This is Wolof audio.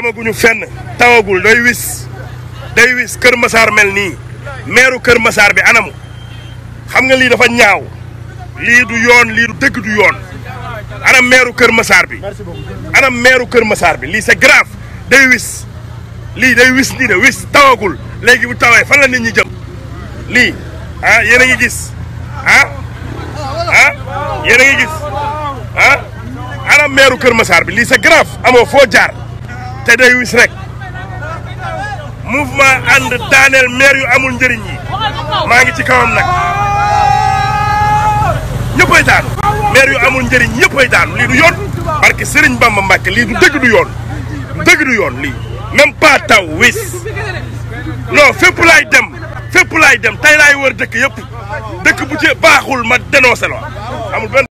demaguñu fenn tawagul day wis day wis Kër Masaar mel nii meeru Kër Masaar bi anamu xam nga lii dafa ñaaw lii du yoon lii du dëgg du yoon anam meeru Kër Masaar bi anam Kër Masaar bi lii c'est grave day wis lii day wis nii de wis tawagul léegi bu tawee fan la nit ñi jëm lii ah yéen a ngi gis ah ah gis ah anam meeru Kër Masaar bi lii sa grave amoo foo jaar te day wis rek mouvement ànd daaneel maire yu amul njëriñ yi maa ngi ci kawam nag ñëppay daanu maire yu amul njëriñ ñëppay daanu lii du yoon barke Serigne Bamba Mbàkke lii du dëgg du yoon dëgg du yoon lii même pas taw wis non fépp lay dem fépp laay dem tey laay wër dëkk yëpp dëkk bu ci baaxul ma dénoncé la